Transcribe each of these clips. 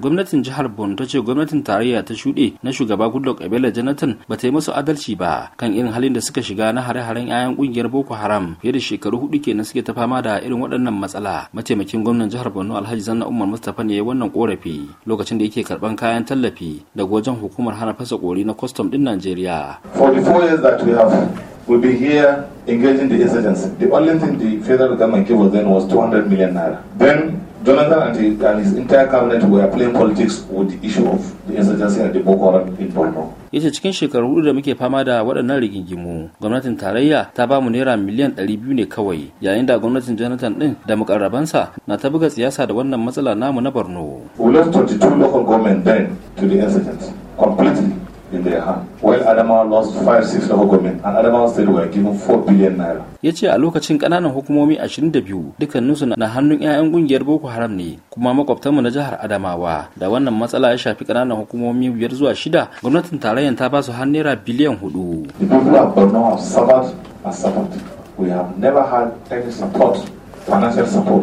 gwamnatin jihar borno ta ce gwamnatin tarayya ta shuɗe na shugaba goodluck ebele jonathan ba ta yi masu adalci ba kan irin halin da suka shiga na hare-haren 'ya'yan ƙungiyar boko haram fiye da shekaru hudu kenan suke ta fama da irin waɗannan matsala mataimakin gwamnan jihar borno alhaji zanna umar mustapha ne ya wannan korafi lokacin da yake karɓan kayan tallafi daga wajen hukumar hana fasa kori na kwastam ɗin najeriya for the four years that we have we'll be here engaging the insurgents the only thing the federal government gave us then was 200 million naira then Jonathan and, his, and his entire cabinet were playing politics with the issue of the insurgency and the Boko Haram in Borno. yace cikin shekaru da muke fama da waɗannan rigingimu gwamnatin tarayya ta ba mu naira miliyan 200 ne kawai yayin da gwamnatin jonathan din da mukarrabansa na ta buga siyasa da wannan matsala namu na borno we left 22 local government then to the insurgents completely in their hand. While Adamawa lost five seats local government and Adamawa state were given four billion naira. Ya ce a lokacin ƙananan hukumomi 22 dukkaninsu na hannun 'ya'yan ƙungiyar Boko Haram ne kuma makwabtanmu na jihar Adamawa da wannan matsala ya shafi ƙananan hukumomi biyar zuwa shida gwamnatin tarayyar ta ba su har naira biliyan hudu. The people of Borno have suffered and We have never had any support, financial support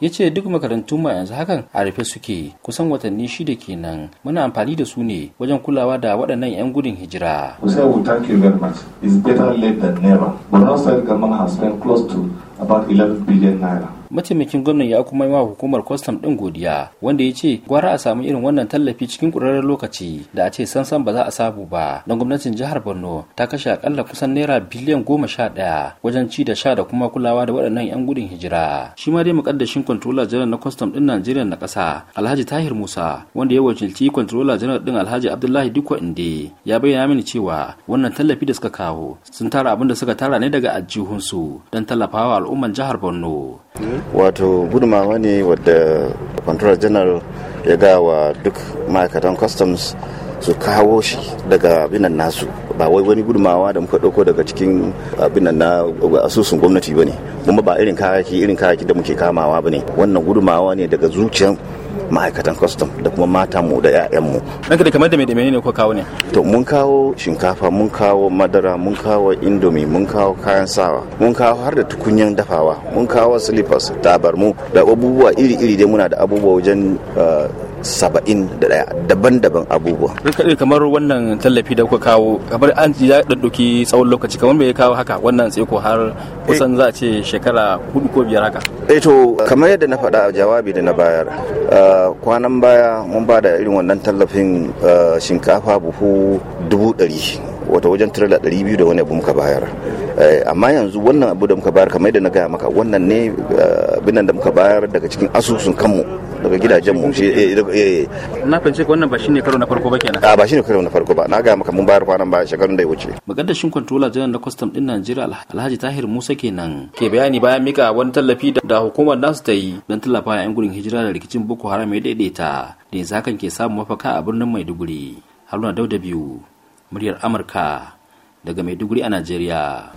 ya ce duk makarantu ma yanzu hakan a rufe suke kusan watanni shida kenan muna amfani da su ne wajen kulawa da waɗannan 'yan gudun hijira. We say we oh, thank you very much. It's better late than never. But now government has spent close to about 11 billion naira mataimakin gwamnan ya kuma yi wa hukumar kwastam din godiya wanda ya ce gwara a samu irin wannan tallafi cikin kurarar lokaci da a ce sansan ba za a sabu ba don gwamnatin jihar borno ta kashe akalla kusan naira biliyan goma sha ɗaya wajen ci da sha da kuma kulawa da waɗannan 'yan gudun hijira shi ma dai mukaddashin kwantrola janar na kwastam din najeriya na ƙasa alhaji tahir musa wanda ya wakilci kwantrola janar din alhaji abdullahi dikko inde ya bayyana mini cewa wannan tallafi da suka kawo sun tara abin da suka tara ne daga ajihunsu don tallafawa al'umman jihar borno wato gudumawa ne wadda controller general ya ga wa duk ma'aikatan customs su kawo shi daga binan nasu ba wai wani gudumawa da muka ɗauko daga cikin binan na asusun gwamnati ba ne kuma ba irin kayaki irin kayaki da muke kamawa ba ne wannan gudumawa ne daga zuciyan ma'aikatan kwastam da kuma mata mu da 'ya'yanmu ɗanka da kamar da mai dame ne ko kawo ne to mun kawo shinkafa mun kawo madara mun kawo indomi mun kawo kayan sawa mun kawo har da tukunyan dafawa mun kawo slippers tabarmu da abubuwa iri-iri dai muna da abubuwa wajen eh, saba'in daya daban-daban abubuwa. Rikade kamar wannan tallafi da kuka kawo kamar an ya ɗaɗɗuki tsawon lokaci kamar me ya kawo haka wannan tseko har kusan za a ce shekara hudu ko biyar haka. Eh kamar yadda na faɗa a jawabi da na bayar eh, kwanan baya mun ba da irin wannan tallafin eh, shinkafa buhu dubu ɗari wata wajen da ɗari biyu da wani abu muka bayar. Eh, amma yanzu wannan abu da muka bayar kamar yadda na gaya maka wannan ne eh, binan da muka bayar daga cikin asusun kanmu daga gidajen mu eh, na fahimci wannan ba shine karo na farko ba kenan a ah, ba shine karo na farko ba na gaya maka mun bayar kwanan ba shekarun da ya wuce magaddashin kwantola janar da kwastam din Najeriya Alhaji Tahir Musa kenan ke bayani bayan mika wani tallafi da hukumar nasu ta yi don tallafa yan gudun hijira da rikicin Boko Haram ya daidaita da yanzu hakan ke samun mafaka a birnin Maiduguri Haruna Dauda biyu muryar Amurka daga Maiduguri a Najeriya